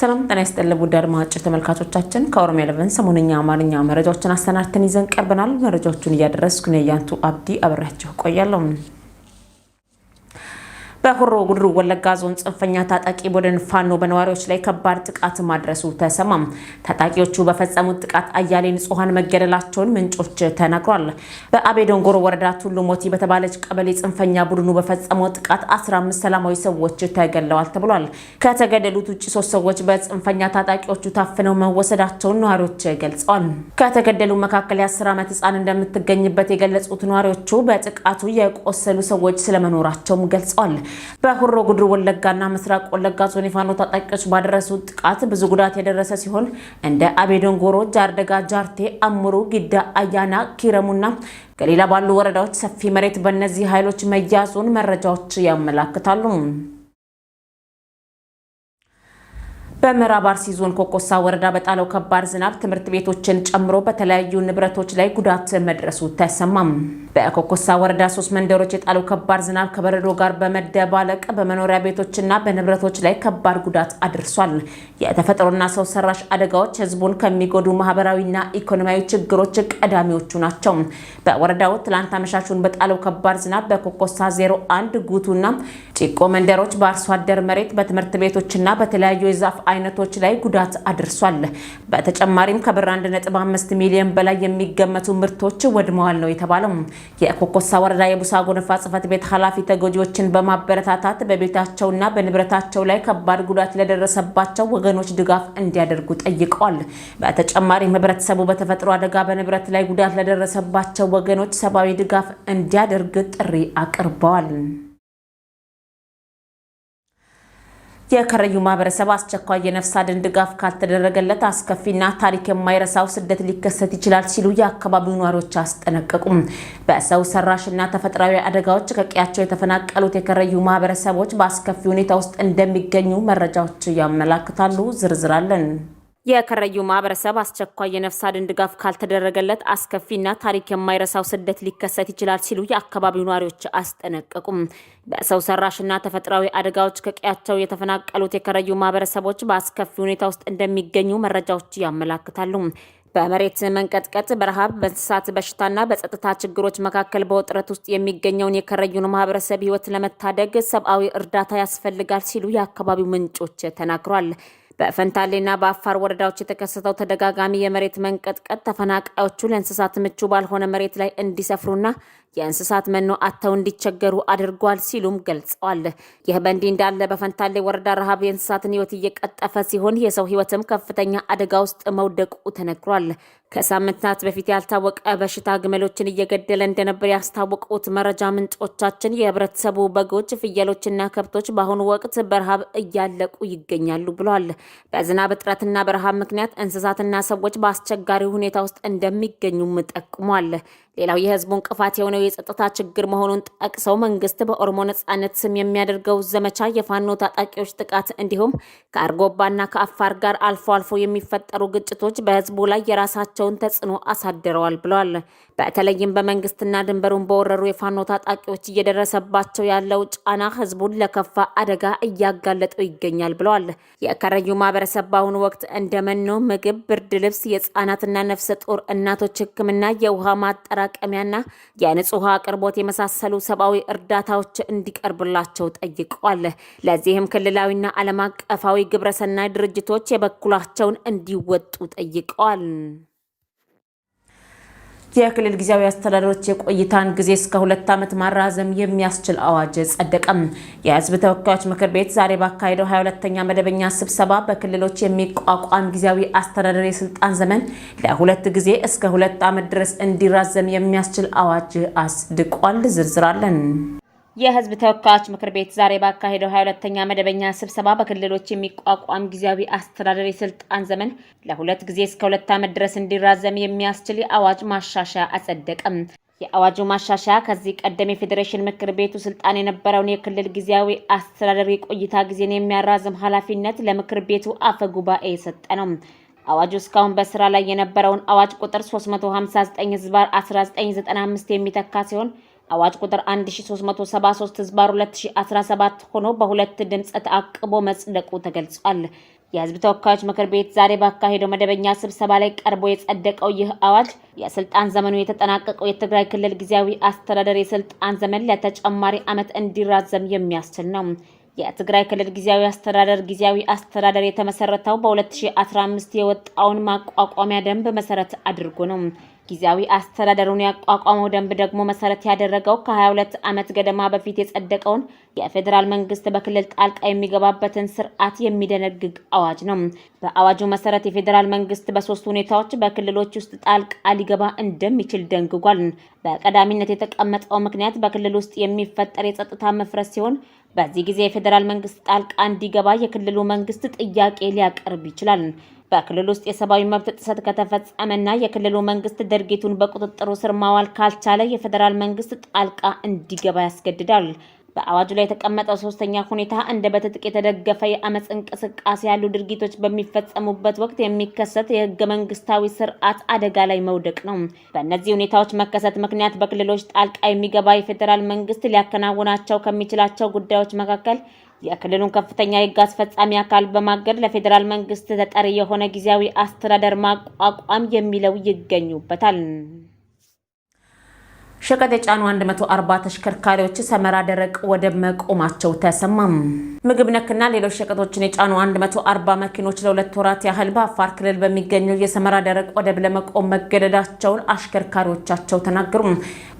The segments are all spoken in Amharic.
ሰላም ጤና ይስጥልን ውድ አድማጭ ተመልካቾቻችን፣ ከኦሮሚያ ኤሌቨን ሰሞነኛ አማርኛ መረጃዎችን አሰናድተን ይዘን ቀርበናል። መረጃዎቹን እያደረስኩ ነው አብዲ አብሬያችሁ ቆያለሁ። በሆሮ ጉድሩ ወለጋ ዞን ጽንፈኛ ታጣቂ ቡድን ፋኖ በነዋሪዎች ላይ ከባድ ጥቃት ማድረሱ ተሰማም። ታጣቂዎቹ በፈጸሙት ጥቃት አያሌ ንጹሐን መገደላቸውን ምንጮች ተናግሯል። በአቤዶንጎሮ ወረዳ ቱሉ ሞቲ በተባለች ቀበሌ ጽንፈኛ ቡድኑ በፈጸመው ጥቃት 15 ሰላማዊ ሰዎች ተገለዋል ተብሏል። ከተገደሉት ውጭ ሶስት ሰዎች በጽንፈኛ ታጣቂዎቹ ታፍነው መወሰዳቸውን ነዋሪዎች ገልጸዋል። ከተገደሉ መካከል የ10 ዓመት ህፃን እንደምትገኝበት የገለጹት ነዋሪዎቹ በጥቃቱ የቆሰሉ ሰዎች ስለመኖራቸውም ገልጸዋል። በሆሮ ጉድሩ ወለጋና ምስራቅ ወለጋ ዞን የፋኖ ታጣቂዎች ባደረሱት ጥቃት ብዙ ጉዳት የደረሰ ሲሆን እንደ አቤዶንጎሮ፣ ጃርደጋ፣ ጃርቴ፣ አሙሩ፣ ጊዳ፣ አያና፣ ኪረሙና ከሌላ ባሉ ወረዳዎች ሰፊ መሬት በእነዚህ ኃይሎች መያዙን መረጃዎች ያመላክታሉ። በምዕራብ አርሲ ዞን ኮኮሳ ወረዳ በጣለው ከባድ ዝናብ ትምህርት ቤቶችን ጨምሮ በተለያዩ ንብረቶች ላይ ጉዳት መድረሱ ተሰማም። በኮኮሳ ወረዳ ሶስት መንደሮች የጣለው ከባድ ዝናብ ከበረዶ ጋር በመደባለቅ በመኖሪያ ቤቶችና በንብረቶች ላይ ከባድ ጉዳት አድርሷል። የተፈጥሮና ሰው ሰራሽ አደጋዎች ህዝቡን ከሚጎዱ ማህበራዊና ኢኮኖሚያዊ ችግሮች ቀዳሚዎቹ ናቸው። በወረዳው ትላንት አመሻሹን በጣለው ከባድ ዝናብ በኮኮሳ 01 ጉቱና ጭቆ መንደሮች በአርሶ አደር መሬት በትምህርት ቤቶችና በተለያዩ የዛፍ አይነቶች ላይ ጉዳት አድርሷል። በተጨማሪም ከብር 1.5 ሚሊዮን በላይ የሚገመቱ ምርቶች ወድመዋል ነው የተባለው። የኮኮሳ ወረዳ የቡሳ ጎነፋ ጽሕፈት ቤት ኃላፊ ተጎጂዎችን በማበረታታት በቤታቸውና በንብረታቸው ላይ ከባድ ጉዳት ለደረሰባቸው ወገኖች ድጋፍ እንዲያደርጉ ጠይቀዋል። በተጨማሪም ህብረተሰቡ በተፈጥሮ አደጋ በንብረት ላይ ጉዳት ለደረሰባቸው ወገኖች ሰብአዊ ድጋፍ እንዲያደርግ ጥሪ አቅርበዋል። የከረዩ ማህበረሰብ አስቸኳይ የነፍስ አድን ድጋፍ ካልተደረገለት አስከፊና ታሪክ የማይረሳው ስደት ሊከሰት ይችላል ሲሉ የአካባቢው ነዋሪዎች አስጠነቀቁም። በሰው ሰራሽና ተፈጥሯዊ አደጋዎች ከቀያቸው የተፈናቀሉት የከረዩ ማህበረሰቦች በአስከፊ ሁኔታ ውስጥ እንደሚገኙ መረጃዎች ያመላክታሉ። ዝርዝራለን የከረዩ ማህበረሰብ አስቸኳይ የነፍስ አድን ድጋፍ ካልተደረገለት አስከፊና ታሪክ የማይረሳው ስደት ሊከሰት ይችላል ሲሉ የአካባቢው ነዋሪዎች አስጠነቀቁም። በሰው ሰራሽና ተፈጥሯዊ አደጋዎች ከቀያቸው የተፈናቀሉት የከረዩ ማህበረሰቦች በአስከፊ ሁኔታ ውስጥ እንደሚገኙ መረጃዎች ያመላክታሉ። በመሬት መንቀጥቀጥ፣ በረሃብ፣ በእንስሳት በሽታና በጸጥታ ችግሮች መካከል በውጥረት ውስጥ የሚገኘውን የከረዩን ማህበረሰብ ህይወት ለመታደግ ሰብአዊ እርዳታ ያስፈልጋል ሲሉ የአካባቢው ምንጮች ተናግሯል። በፈንታሌና በአፋር ወረዳዎች የተከሰተው ተደጋጋሚ የመሬት መንቀጥቀጥ ተፈናቃዮቹ ለእንስሳት ምቹ ባልሆነ መሬት ላይ እንዲሰፍሩና የእንስሳት መኖ አጥተው እንዲቸገሩ አድርጓል ሲሉም ገልጸዋል። ይህ በእንዲህ እንዳለ በፈንታሌ ወረዳ ረሃብ የእንስሳትን ህይወት እየቀጠፈ ሲሆን የሰው ህይወትም ከፍተኛ አደጋ ውስጥ መውደቁ ተነግሯል። ከሳምንታት በፊት ያልታወቀ በሽታ ግመሎችን እየገደለ እንደነበር ያስታወቁት መረጃ ምንጮቻችን የህብረተሰቡ በጎች፣ ፍየሎችና ከብቶች በአሁኑ ወቅት በረሃብ እያለቁ ይገኛሉ ብሏል። በዝናብ እጥረትና በረሃብ ምክንያት እንስሳትና ሰዎች በአስቸጋሪ ሁኔታ ውስጥ እንደሚገኙም ጠቁሟል። ሌላው የህዝቡ እንቅፋት የሆነ ነው የጸጥታ ችግር መሆኑን ጠቅሰው መንግስት በኦሮሞ ነጻነት ስም የሚያደርገው ዘመቻ የፋኖ ታጣቂዎች ጥቃት እንዲሁም ከአርጎባና ከአፋር ጋር አልፎ አልፎ የሚፈጠሩ ግጭቶች በህዝቡ ላይ የራሳቸውን ተጽዕኖ አሳድረዋል ብለዋል። በተለይም በመንግስትና ድንበሩን በወረሩ የፋኖ ታጣቂዎች እየደረሰባቸው ያለው ጫና ህዝቡን ለከፋ አደጋ እያጋለጠው ይገኛል ብለዋል። የከረዩ ማህበረሰብ በአሁኑ ወቅት እንደ መኖ፣ ምግብ፣ ብርድ ልብስ፣ የህጻናትና ነፍሰ ጡር እናቶች ህክምና፣ የውሃ ማጠራቀሚያና የንጹ ንጹህ ውሃ አቅርቦት የመሳሰሉ ሰብአዊ እርዳታዎች እንዲቀርብላቸው ጠይቀዋል። ለዚህም ክልላዊና ዓለም አቀፋዊ ግብረሰናይ ድርጅቶች የበኩላቸውን እንዲወጡ ጠይቀዋል። የክልል ጊዜያዊ አስተዳደሮች የቆይታን ጊዜ እስከ ሁለት ዓመት ማራዘም የሚያስችል አዋጅ ጸደቀም። የህዝብ ተወካዮች ምክር ቤት ዛሬ ባካሄደው 22 ተኛ መደበኛ ስብሰባ በክልሎች የሚቋቋም ጊዜያዊ አስተዳደር የስልጣን ዘመን ለሁለት ጊዜ እስከ ሁለት ዓመት ድረስ እንዲራዘም የሚያስችል አዋጅ አስድቋል። ዝርዝር አለን። የህዝብ ተወካዮች ምክር ቤት ዛሬ ባካሄደው 22ተኛ መደበኛ ስብሰባ በክልሎች የሚቋቋም ጊዜያዊ አስተዳደር የስልጣን ዘመን ለሁለት ጊዜ እስከ ሁለት ዓመት ድረስ እንዲራዘም የሚያስችል የአዋጅ ማሻሻያ አጸደቀም። የአዋጁ ማሻሻያ ከዚህ ቀደም የፌዴሬሽን ምክር ቤቱ ስልጣን የነበረውን የክልል ጊዜያዊ አስተዳደር የቆይታ ጊዜን የሚያራዝም ኃላፊነት ለምክር ቤቱ አፈ ጉባኤ የሰጠ ነው። አዋጁ እስካሁን በስራ ላይ የነበረውን አዋጅ ቁጥር 359 ህዝባር 1995 የሚተካ ሲሆን አዋጅ ቁጥር 1373 ህዝባር 2017 ሆኖ በሁለት ድምፅ ተአቅቦ መጽደቁ ተገልጿል። የህዝብ ተወካዮች ምክር ቤት ዛሬ ባካሄደው መደበኛ ስብሰባ ላይ ቀርቦ የጸደቀው ይህ አዋጅ የስልጣን ዘመኑ የተጠናቀቀው የትግራይ ክልል ጊዜያዊ አስተዳደር የስልጣን ዘመን ለተጨማሪ ዓመት እንዲራዘም የሚያስችል ነው። የትግራይ ክልል ጊዜያዊ አስተዳደር ጊዜያዊ አስተዳደር የተመሰረተው በ2015 የወጣውን ማቋቋሚያ ደንብ መሰረት አድርጎ ነው። ጊዜያዊ አስተዳደሩን ያቋቋመው ደንብ ደግሞ መሰረት ያደረገው ከ22 ዓመት ገደማ በፊት የጸደቀውን የፌዴራል መንግስት በክልል ጣልቃ የሚገባበትን ስርዓት የሚደነግግ አዋጅ ነው። በአዋጁ መሰረት የፌዴራል መንግስት በሶስት ሁኔታዎች በክልሎች ውስጥ ጣልቃ ሊገባ እንደሚችል ደንግጓል። በቀዳሚነት የተቀመጠው ምክንያት በክልል ውስጥ የሚፈጠር የጸጥታ መፍረስ ሲሆን በዚህ ጊዜ የፌዴራል መንግስት ጣልቃ እንዲገባ የክልሉ መንግስት ጥያቄ ሊያቀርብ ይችላል። በክልል ውስጥ የሰብአዊ መብት ጥሰት ከተፈጸመና የክልሉ መንግስት ድርጊቱን በቁጥጥሩ ስር ማዋል ካልቻለ የፌዴራል መንግስት ጣልቃ እንዲገባ ያስገድዳል። በአዋጁ ላይ የተቀመጠው ሶስተኛ ሁኔታ እንደ በትጥቅ የተደገፈ የአመፅ እንቅስቃሴ ያሉ ድርጊቶች በሚፈጸሙበት ወቅት የሚከሰት የህገ መንግስታዊ ስርዓት አደጋ ላይ መውደቅ ነው። በእነዚህ ሁኔታዎች መከሰት ምክንያት በክልሎች ጣልቃ የሚገባ የፌዴራል መንግስት ሊያከናውናቸው ከሚችላቸው ጉዳዮች መካከል የክልሉን ከፍተኛ የህግ አስፈጻሚ አካል በማገድ ለፌዴራል መንግስት ተጠሪ የሆነ ጊዜያዊ አስተዳደር ማቋቋም የሚለው ይገኙበታል። ሸቀጥ የጫኑ 140 ተሽከርካሪዎች ሰመራ ደረቅ ወደብ መቆማቸው ተሰማም። ምግብ ነክና ሌሎች ሸቀጦችን የጫኑ 140 መኪኖች ለሁለት ወራት ያህል በአፋር ክልል በሚገኘው የሰመራ ደረቅ ወደብ ለመቆም መገደዳቸውን አሽከርካሪዎቻቸው ተናገሩ።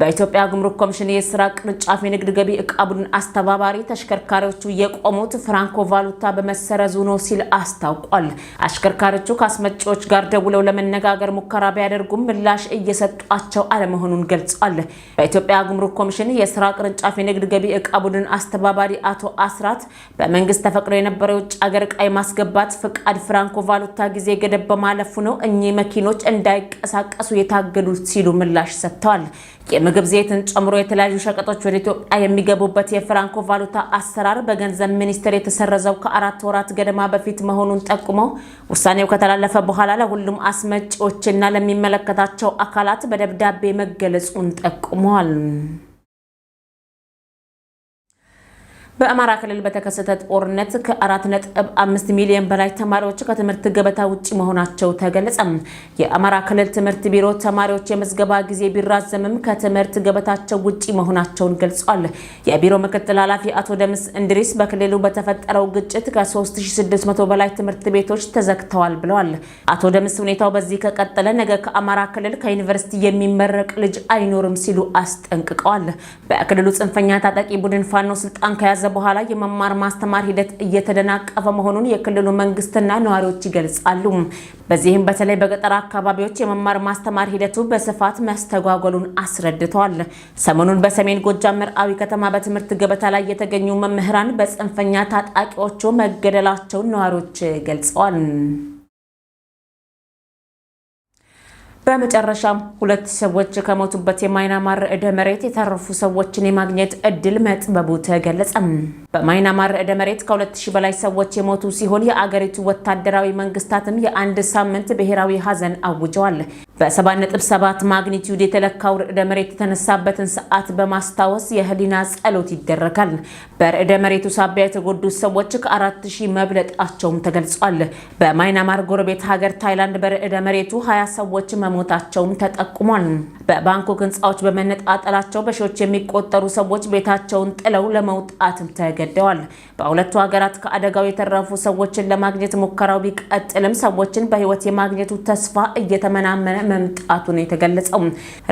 በኢትዮጵያ ጉምሩክ ኮሚሽን የስራ ቅርንጫፍ የንግድ ገቢ እቃ ቡድን አስተባባሪ ተሽከርካሪዎቹ የቆሙት ፍራንኮ ቫሉታ በመሰረዙ ነው ሲል አስታውቋል። አሽከርካሪዎቹ ከአስመጪዎች ጋር ደውለው ለመነጋገር ሙከራ ቢያደርጉም ምላሽ እየሰጧቸው አለመሆኑን ገልጸዋል። በኢትዮጵያ ጉምሩክ ኮሚሽን የስራ ቅርንጫፍ የንግድ ገቢ እቃ ቡድን አስተባባሪ አቶ አስራት በመንግስት ተፈቅዶ የነበረው የውጭ አገር እቃ የማስገባት ፍቃድ ፍራንኮ ቫሉታ ጊዜ ገደብ በማለፉ ነው እኚህ መኪኖች እንዳይቀሳቀሱ የታገዱት ሲሉ ምላሽ ሰጥተዋል። የምግብ ዘይትን ጨምሮ የተለያዩ ሸቀጦች ወደ ኢትዮጵያ የሚገቡበት የፍራንኮ ቫሉታ አሰራር በገንዘብ ሚኒስቴር የተሰረዘው ከአራት ወራት ገደማ በፊት መሆኑን ጠቁመው ውሳኔው ከተላለፈ በኋላ ለሁሉም አስመጪዎችና ለሚመለከታቸው አካላት በደብዳቤ መገለጹን ጠቁ ጠቁመዋል። በአማራ ክልል በተከሰተ ጦርነት ከ4.5 ሚሊዮን በላይ ተማሪዎች ከትምህርት ገበታ ውጭ መሆናቸው ተገለጸ። የአማራ ክልል ትምህርት ቢሮ ተማሪዎች የምዝገባ ጊዜ ቢራዘምም ከትምህርት ገበታቸው ውጭ መሆናቸውን ገልጿል። የቢሮ ምክትል ኃላፊ አቶ ደምስ እንድሪስ በክልሉ በተፈጠረው ግጭት ከ3600 በላይ ትምህርት ቤቶች ተዘግተዋል ብለዋል። አቶ ደምስ ሁኔታው በዚህ ከቀጠለ ነገ ከአማራ ክልል ከዩኒቨርሲቲ የሚመረቅ ልጅ አይኖርም ሲሉ አስጠንቅቀዋል። በክልሉ ጽንፈኛ ታጣቂ ቡድን ፋኖ ስልጣን ከያዘ በኋላ የመማር ማስተማር ሂደት እየተደናቀፈ መሆኑን የክልሉ መንግስትና ነዋሪዎች ይገልጻሉ። በዚህም በተለይ በገጠር አካባቢዎች የመማር ማስተማር ሂደቱ በስፋት መስተጓጎሉን አስረድተዋል። ሰሞኑን በሰሜን ጎጃም መርአዊ ከተማ በትምህርት ገበታ ላይ የተገኙ መምህራን በጽንፈኛ ታጣቂዎቹ መገደላቸውን ነዋሪዎች ገልጸዋል። በመጨረሻም ሁለት ሰዎች ከሞቱበት የማይናማር ርዕደ መሬት የተረፉ ሰዎችን የማግኘት እድል መጥበቡ ተገለጸ። በማይናማር ርዕደ መሬት ከ2000 በላይ ሰዎች የሞቱ ሲሆን የአገሪቱ ወታደራዊ መንግስታትም የአንድ ሳምንት ብሔራዊ ሀዘን አውጀዋል። በ7.7 ማግኒቲዩድ የተለካው ርዕደ መሬት የተነሳበትን ሰዓት በማስታወስ የህሊና ጸሎት ይደረጋል። በርዕደ መሬቱ ሳቢያ የተጎዱ ሰዎች ከ4000 መብለጣቸውም ተገልጿል። በማይናማር ጎረቤት ሀገር ታይላንድ በርዕደ መሬቱ 20 ሰዎች መሞታቸውም ተጠቁሟል። በባንኮክ ህንፃዎች በመነጣጠላቸው በሺዎች የሚቆጠሩ ሰዎች ቤታቸውን ጥለው ለመውጣትም ተገደዋል። በሁለቱ ሀገራት ከአደጋው የተረፉ ሰዎችን ለማግኘት ሙከራው ቢቀጥልም ሰዎችን በህይወት የማግኘቱ ተስፋ እየተመናመነ መምጣቱን የተገለጸው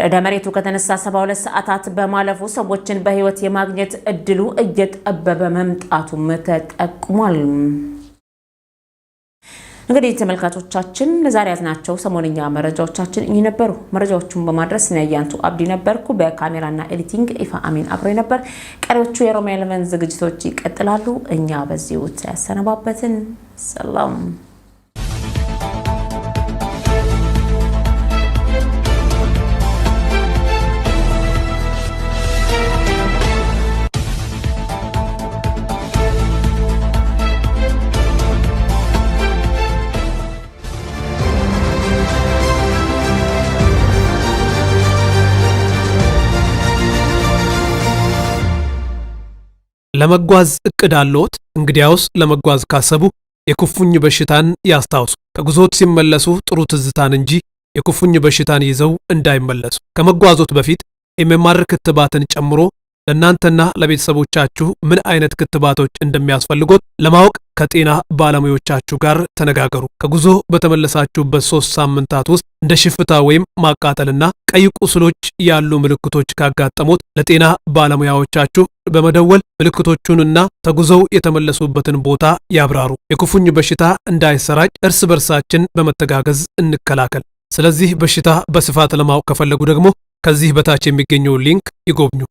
ርዕደ መሬቱ ከተነሳ 72 ሰዓታት በማለፉ ሰዎችን በህይወት የማግኘት እድሉ እየጠበበ መምጣቱም ተጠቁሟል። እንግዲህ ተመልካቾቻችን ለዛሬ ያዝናቸው ሰሞነኛ መረጃዎቻችን እኚህ ነበሩ። መረጃዎቹን በማድረስ ነያንቱ አብዲ ነበርኩ። በካሜራና ኤዲቲንግ ኢፋ አሚን አብሮ ነበር። ቀሪዎቹ የሮማ ኤሌቨን ዝግጅቶች ይቀጥላሉ። እኛ በዚሁ ተሰነባበትን። ሰላም ለመጓዝ እቅድ አለዎት? እንግዲያውስ ለመጓዝ ካሰቡ የኩፍኝ በሽታን ያስታውሱ። ከጉዞት ሲመለሱ ጥሩ ትዝታን እንጂ የኩፍኝ በሽታን ይዘው እንዳይመለሱ። ከመጓዞት በፊት ኤምኤምአር ክትባትን ጨምሮ ለእናንተና ለቤተሰቦቻችሁ ምን አይነት ክትባቶች እንደሚያስፈልጎት ለማወቅ ከጤና ባለሙያዎቻችሁ ጋር ተነጋገሩ። ከጉዞ በተመለሳችሁበት ሶስት ሳምንታት ውስጥ እንደ ሽፍታ ወይም ማቃጠልና ቀይ ቁስሎች ያሉ ምልክቶች ካጋጠሙት ለጤና ባለሙያዎቻችሁ በመደወል ምልክቶቹንና ተጉዘው የተመለሱበትን ቦታ ያብራሩ። የኩፍኝ በሽታ እንዳይሰራጭ እርስ በርሳችን በመተጋገዝ እንከላከል። ስለዚህ በሽታ በስፋት ለማወቅ ከፈለጉ ደግሞ ከዚህ በታች የሚገኘው ሊንክ ይጎብኙ።